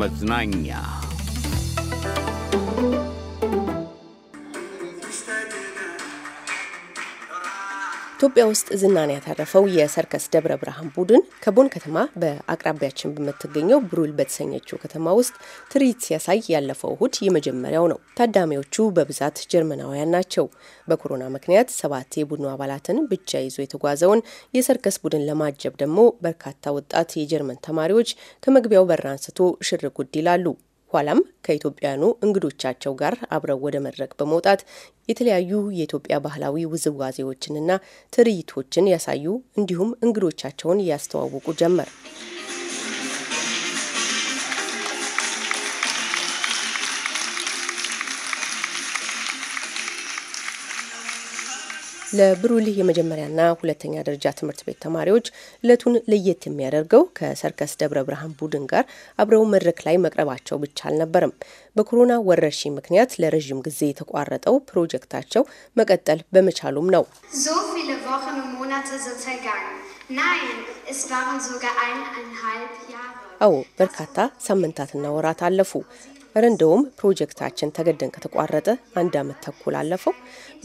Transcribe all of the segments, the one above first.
መዝናኛ ኢትዮጵያ ውስጥ ዝናን ያታረፈው የሰርከስ ደብረ ብርሃን ቡድን ከቦን ከተማ በአቅራቢያችን በምትገኘው ብሩል በተሰኘችው ከተማ ውስጥ ትርኢት ሲያሳይ ያለፈው እሁድ የመጀመሪያው ነው። ታዳሚዎቹ በብዛት ጀርመናውያን ናቸው። በኮሮና ምክንያት ሰባት የቡድኑ አባላትን ብቻ ይዞ የተጓዘውን የሰርከስ ቡድን ለማጀብ ደግሞ በርካታ ወጣት የጀርመን ተማሪዎች ከመግቢያው በር አንስቶ ሽር ጉድ ይላሉ። ኋላም ከኢትዮጵያውያኑ እንግዶቻቸው ጋር አብረው ወደ መድረክ በመውጣት የተለያዩ የኢትዮጵያ ባህላዊ ውዝዋዜዎችንና ትርኢቶችን ያሳዩ እንዲሁም እንግዶቻቸውን እያስተዋወቁ ጀመር። ለብሩሊህ የመጀመሪያና ሁለተኛ ደረጃ ትምህርት ቤት ተማሪዎች እለቱን ለየት የሚያደርገው ከሰርከስ ደብረ ብርሃን ቡድን ጋር አብረው መድረክ ላይ መቅረባቸው ብቻ አልነበረም። በኮሮና ወረርሽኝ ምክንያት ለረዥም ጊዜ የተቋረጠው ፕሮጀክታቸው መቀጠል በመቻሉም ነው። አዎ በርካታ ሳምንታትና ወራት አለፉ። እረ እንደውም ፕሮጀክታችን ተገደን ከተቋረጠ አንድ ዓመት ተኩል አለፈው።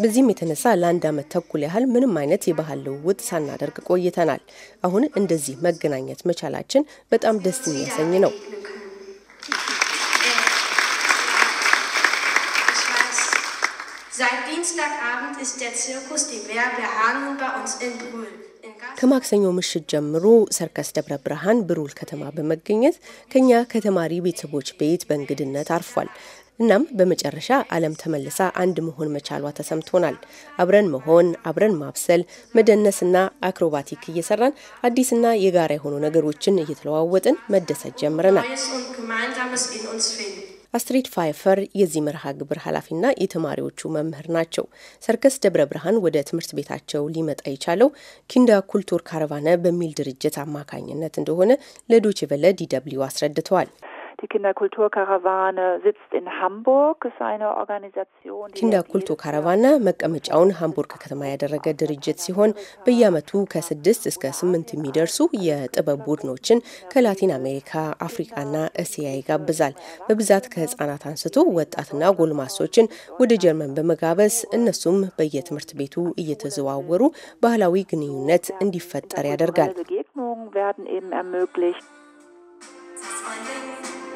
በዚህም የተነሳ ለአንድ ዓመት ተኩል ያህል ምንም አይነት የባህል ልውውጥ ሳናደርግ ቆይተናል። አሁን እንደዚህ መገናኘት መቻላችን በጣም ደስ የሚያሰኝ ነው። Seit Dienstagabend ist der Zirkus Die bei uns in Brühl. ከማክሰኞ ምሽት ጀምሮ ሰርከስ ደብረ ብርሃን ብሩል ከተማ በመገኘት ከኛ ከተማሪ ቤተሰቦች ቤት በእንግድነት አርፏል። እናም በመጨረሻ ዓለም ተመልሳ አንድ መሆን መቻሏ ተሰምቶናል። አብረን መሆን፣ አብረን ማብሰል፣ መደነስና አክሮባቲክ እየሰራን አዲስና የጋራ የሆኑ ነገሮችን እየተለዋወጥን መደሰት ጀምረናል። አስትሪድ ፋይፈር የዚህ መርሃ ግብር ኃላፊና የተማሪዎቹ መምህር ናቸው። ሰርከስ ደብረ ብርሃን ወደ ትምህርት ቤታቸው ሊመጣ የቻለው ኪንዳ ኩልቱር ካረቫነ በሚል ድርጅት አማካኝነት እንደሆነ ለዶችቨለ ዲደብሊው አስረድተዋል። Die Kinderkulturkarawane sitzt in Hamburg, ist eine Organisation. ኪንዳኩልቱካራቫና መቀመጫውን ሃምቡርግ ከተማ ያደረገ ድርጅት ሲሆን በየዓመቱ ከስድስት እስከ ስምንት የሚደርሱ የጥበብ ቡድኖችን ከላቲን አሜሪካ፣ አፍሪካና እስያ ይጋብዛል። በብዛት ከህጻናት አንስቶ ወጣትና ጎልማሶችን ወደ ጀርመን በመጋበዝ እነሱም በየትምህርት ቤቱ እየተዘዋወሩ ባህላዊ ግንኙነት እንዲፈጠር ያደርጋል።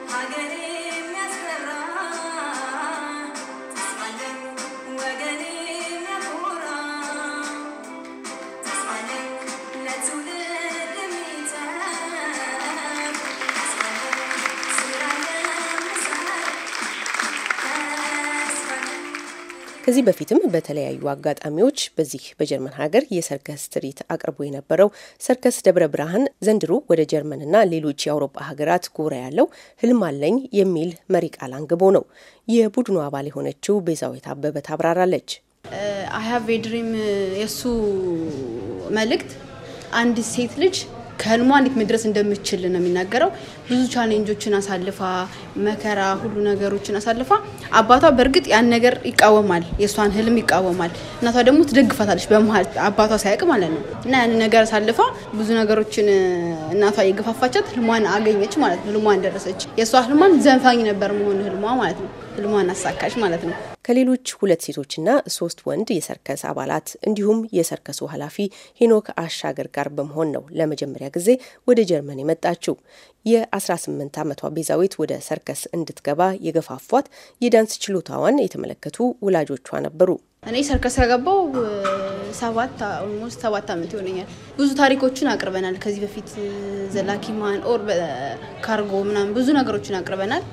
I get it. ከዚህ በፊትም በተለያዩ አጋጣሚዎች በዚህ በጀርመን ሀገር የሰርከስ ትርኢት አቅርቦ የነበረው ሰርከስ ደብረ ብርሃን ዘንድሮ ወደ ጀርመንና ሌሎች የአውሮፓ ሀገራት ጎራ ያለው ህልም አለኝ የሚል መሪ ቃል አንግቦ ነው። የቡድኑ አባል የሆነችው ቤዛዊት አበበ ታብራራለች። አይ ሀቭ ኤ ድሪም የእሱ መልእክት አንዲት ሴት ልጅ ከህልሟ እንዴት መድረስ እንደምችል ነው የሚናገረው። ብዙ ቻሌንጆችን አሳልፋ መከራ ሁሉ ነገሮችን አሳልፋ አባቷ በእርግጥ ያን ነገር ይቃወማል፣ የእሷን ህልም ይቃወማል። እናቷ ደግሞ ትደግፋታለች በመሀል አባቷ ሳያውቅ ማለት ነው። እና ያን ነገር አሳልፋ ብዙ ነገሮችን እናቷ የገፋፋቻት ህልሟን አገኘች ማለት ነው። ህልሟን ደረሰች። የእሷ ህልሟን ዘንፋኝ ነበር መሆን ህልሟ ማለት ነው። ህልሟን አሳካች ማለት ነው። ከሌሎች ሁለት ሴቶችና ሶስት ወንድ የሰርከስ አባላት እንዲሁም የሰርከሱ ኃላፊ ሄኖክ አሻገር ጋር በመሆን ነው ለመጀመሪያ ጊዜ ወደ ጀርመን የመጣችው። የ18 ዓመቷ ቤዛዊት ወደ ሰርከስ እንድትገባ የገፋፏት የዳንስ ችሎታዋን የተመለከቱ ወላጆቿ ነበሩ። እኔ ሰርከስ ከገባው ሰባት ኦልሞስት ሰባት ዓመት ይሆነኛል። ብዙ ታሪኮችን አቅርበናል ከዚህ በፊት ዘላኪማን ኦር ካርጎ ምናምን ብዙ ነገሮችን አቅርበናል።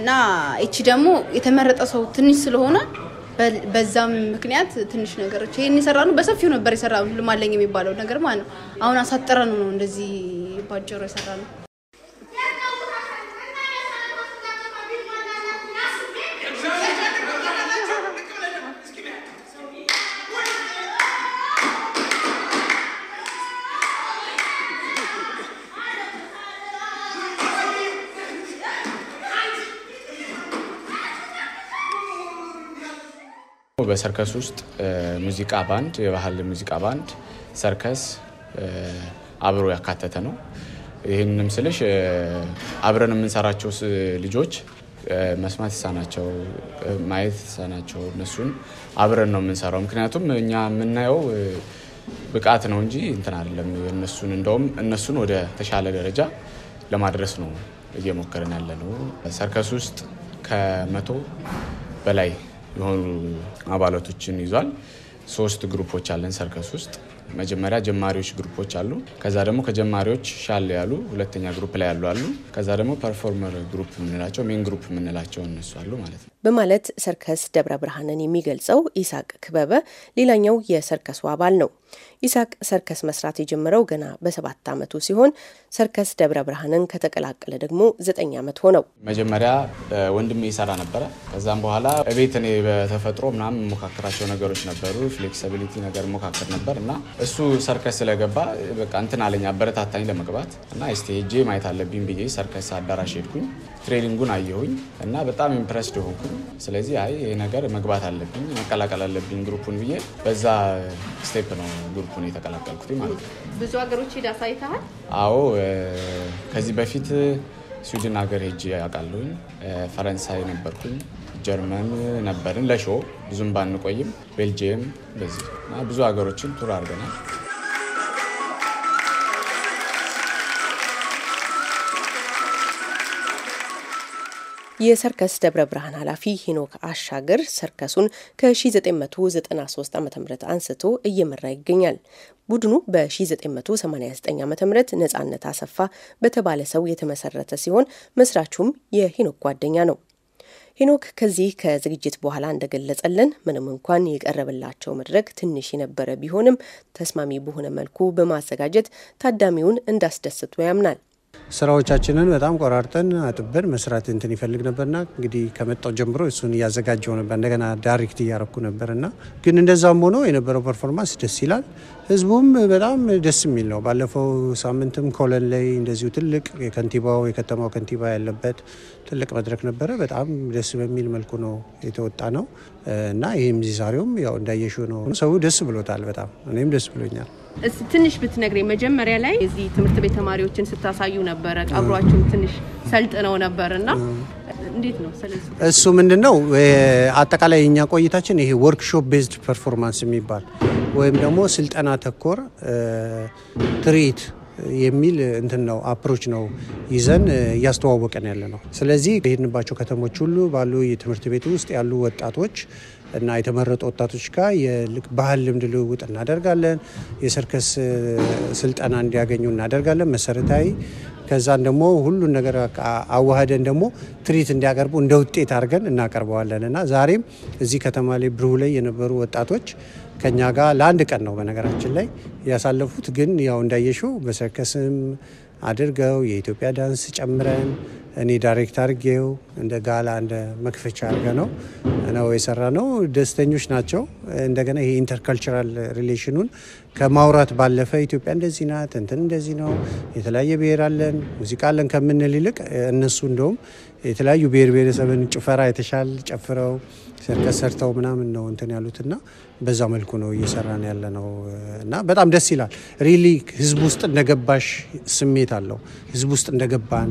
እና እቺ ደግሞ የተመረጠ ሰው ትንሽ ስለሆነ በዛም ምክንያት ትንሽ ነገሮች ይሄን የሰራ ነው። በሰፊው ነበር የሰራ ልማለኝ የሚባለው ነገር ማለት ነው። አሁን አሳጥረ ነው እንደዚህ ባጀሮ የሰራ ነው። በሰርከስ ውስጥ ሙዚቃ ባንድ፣ የባህል ሙዚቃ ባንድ፣ ሰርከስ አብሮ ያካተተ ነው። ይህንም ስልሽ አብረን የምንሰራቸው ልጆች መስማት ይሳናቸው፣ ማየት ይሳናቸው፣ እነሱን አብረን ነው የምንሰራው። ምክንያቱም እኛ የምናየው ብቃት ነው እንጂ እንትን አይደለም። እነሱን እንደውም እነሱን ወደ ተሻለ ደረጃ ለማድረስ ነው እየሞከርን ያለ ነው። ሰርከስ ውስጥ ከመቶ በላይ የሆኑ አባላቶችን ይዟል። ሶስት ግሩፖች አለን ሰርከስ ውስጥ። መጀመሪያ ጀማሪዎች ግሩፖች አሉ። ከዛ ደግሞ ከጀማሪዎች ሻል ያሉ ሁለተኛ ግሩፕ ላይ ያሉ አሉ። ከዛ ደግሞ ፐርፎርመር ግሩፕ የምንላቸው ሜን ግሩፕ የምንላቸው እነሱ አሉ ማለት ነው። በማለት ሰርከስ ደብረ ብርሃንን የሚገልጸው ኢሳቅ ክበበ ሌላኛው የሰርከሱ አባል ነው። ኢሳቅ ሰርከስ መስራት የጀመረው ገና በሰባት ዓመቱ ሲሆን ሰርከስ ደብረ ብርሃንን ከተቀላቀለ ደግሞ ዘጠኝ ዓመት ሆነው። መጀመሪያ ወንድሜ ይሰራ ነበረ። ከዛም በኋላ ቤት እኔ በተፈጥሮ ምናምን የሞካከራቸው ነገሮች ነበሩ። ፍሌክሲቢሊቲ ነገር ሞካከር ነበር እና እሱ ሰርከስ ስለገባ በቃ እንትን አለኝ አበረታታኝ ለመግባት እና እስቲ ሄጄ ማየት አለብኝ ብዬ ሰርከስ አዳራሽ ሄድኩኝ። ትሬኒንጉን አየሁኝ እና በጣም ኢምፕረስድ ሆንኩኝ። ስለዚህ አይ ይሄ ነገር መግባት አለብኝ መቀላቀል አለብኝ ግሩፑን ብዬ በዛ ስቴፕ ነው ግሩፑን የተቀላቀልኩት ማለት ነው። ብዙ ሀገሮች ሄድ አሳይተሃል? አዎ ከዚህ በፊት ስዊድን ሀገር ሄጅ ያውቃለሁኝ። ፈረንሳይ ነበርኩኝ፣ ጀርመን ነበርን ለሾ ብዙም ባንቆይም፣ ቤልጅየም በዚህ ብዙ ሀገሮችን ቱር አድርገናል። የሰርከስ ደብረ ብርሃን ኃላፊ ሂኖክ አሻገር ሰርከሱን ከ1993 ዓ ም አንስቶ እየመራ ይገኛል። ቡድኑ በ1989 ዓ ም ነጻነት አሰፋ በተባለ ሰው የተመሰረተ ሲሆን መስራቹም የሂኖክ ጓደኛ ነው። ሄኖክ ከዚህ ከዝግጅት በኋላ እንደገለጸልን ምንም እንኳን የቀረበላቸው መድረክ ትንሽ የነበረ ቢሆንም ተስማሚ በሆነ መልኩ በማዘጋጀት ታዳሚውን እንዳስደስቶ ያምናል። ስራዎቻችንን በጣም ቆራርጠን አጥበን መስራት እንትን ይፈልግ ነበርና እንግዲህ ከመጣው ጀምሮ እሱን እያዘጋጀው ነበር። እንደገና ዳይሬክት እያረኩ ነበርና ግን እንደዛም ሆኖ የነበረው ፐርፎርማንስ ደስ ይላል። ህዝቡም በጣም ደስ የሚል ነው። ባለፈው ሳምንትም ኮለን ላይ እንደዚሁ ትልቅ የከንቲባው የከተማው ከንቲባ ያለበት ትልቅ መድረክ ነበረ። በጣም ደስ በሚል መልኩ ነው የተወጣ ነው እና ይህም ዛሬውም ያው እንዳየሽው ነው። ሰው ደስ ብሎታል። በጣም እኔም ደስ ብሎኛል። ትንሽ ብትነግረኝ መጀመሪያ ላይ እዚህ ትምህርት ቤት ተማሪዎችን ስታሳዩ ነበረ፣ ቀብሯችሁን ትንሽ ሰልጥነው ነበር እና እሱ? ምንድን ነው አጠቃላይ የኛ ቆይታችን ይሄ ወርክሾፕ ቤዝድ ፐርፎርማንስ የሚባል ወይም ደግሞ ስልጠና ተኮር ትርኢት የሚል እንትን ነው አፕሮች ነው ይዘን እያስተዋወቀን ያለ ነው። ስለዚህ በሄድንባቸው ከተሞች ሁሉ ባሉ የትምህርት ቤት ውስጥ ያሉ ወጣቶች እና የተመረጡ ወጣቶች ጋር ባህል ልምድ ልውውጥ እናደርጋለን። የሰርከስ ስልጠና እንዲያገኙ እናደርጋለን መሰረታዊ ከዛን ደግሞ ሁሉን ነገር አዋህደን ደግሞ ትርኢት እንዲያቀርቡ እንደ ውጤት አድርገን እናቀርበዋለን እና ዛሬም እዚህ ከተማ ላይ ብሩህ ላይ የነበሩ ወጣቶች ከኛ ጋር ለአንድ ቀን ነው በነገራችን ላይ ያሳለፉት። ግን ያው እንዳየሽው በሰርከስም አድርገው የኢትዮጵያ ዳንስ ጨምረን እኔ ዳይሬክት አድርጌው እንደ ጋላ እንደ መክፈቻ አድርገ ነው ነው የሰራ ነው። ደስተኞች ናቸው። እንደገና ይሄ ኢንተርካልቸራል ሪሌሽኑን ከማውራት ባለፈ ኢትዮጵያ እንደዚህ ናት እንትን እንደዚህ ነው የተለያየ ብሔር አለን ሙዚቃ አለን ከምንል ይልቅ እነሱ እንደውም የተለያዩ ብሔር ብሔረሰብን ጭፈራ የተሻል ጨፍረው ሰርከስ ሰርተው ምናምን ነው እንትን ያሉትና በዛ መልኩ ነው እየሰራን ያለ ነው እና በጣም ደስ ይላል። ሪሊ ህዝብ ውስጥ እንደገባሽ ስሜት አለው። ህዝብ ውስጥ እንደገባን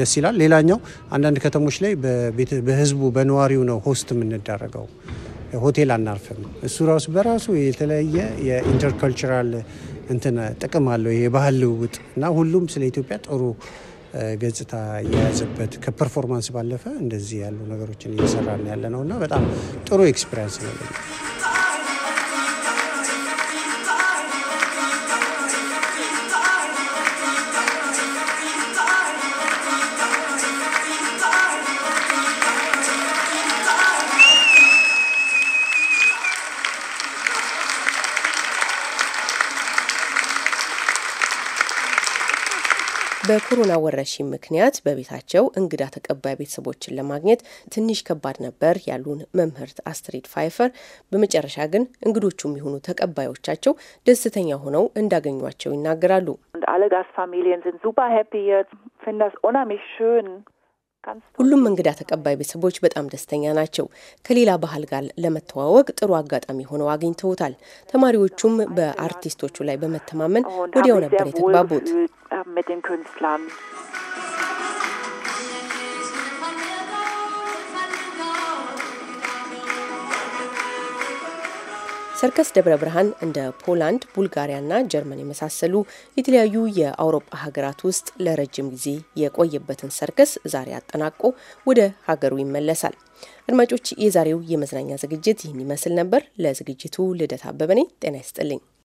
ደስ ይላል። ሌላኛው አንዳንድ ከተሞች ላይ በህዝቡ በነዋሪው ነው ሆስት የምንዳረገው። ሆቴል አናርፍም። እሱ ራሱ በራሱ የተለያየ የኢንተርካልቸራል እንትን ጥቅም አለው። ይሄ የባህል ልውውጥ እና ሁሉም ስለ ኢትዮጵያ ጥሩ ገጽታ የያዘበት ከፐርፎርማንስ ባለፈ እንደዚህ ያሉ ነገሮችን እየሰራ ያለ ነው እና በጣም ጥሩ ኤክስፒሪያንስ ነው። በኮሮና ወረርሽኝ ምክንያት በቤታቸው እንግዳ ተቀባይ ቤተሰቦችን ለማግኘት ትንሽ ከባድ ነበር ያሉን መምህርት አስትሪድ ፋይፈር፣ በመጨረሻ ግን እንግዶቹም የሆኑ ተቀባዮቻቸው ደስተኛ ሆነው እንዳገኟቸው ይናገራሉ። ሁሉም እንግዳ ተቀባይ ቤተሰቦች በጣም ደስተኛ ናቸው። ከሌላ ባህል ጋር ለመተዋወቅ ጥሩ አጋጣሚ ሆነው አግኝተውታል። ተማሪዎቹም በአርቲስቶቹ ላይ በመተማመን ወዲያው ነበር የተግባቡት። ሰርከስ ደብረ ብርሃን እንደ ፖላንድ፣ ቡልጋሪያና ጀርመን የመሳሰሉ የተለያዩ የአውሮፓ ሀገራት ውስጥ ለረጅም ጊዜ የቆየበትን ሰርከስ ዛሬ አጠናቆ ወደ ሀገሩ ይመለሳል። አድማጮች፣ የዛሬው የመዝናኛ ዝግጅት ይህን ይመስል ነበር። ለዝግጅቱ ልደት አበበ ነኝ። ጤና ይስጥልኝ።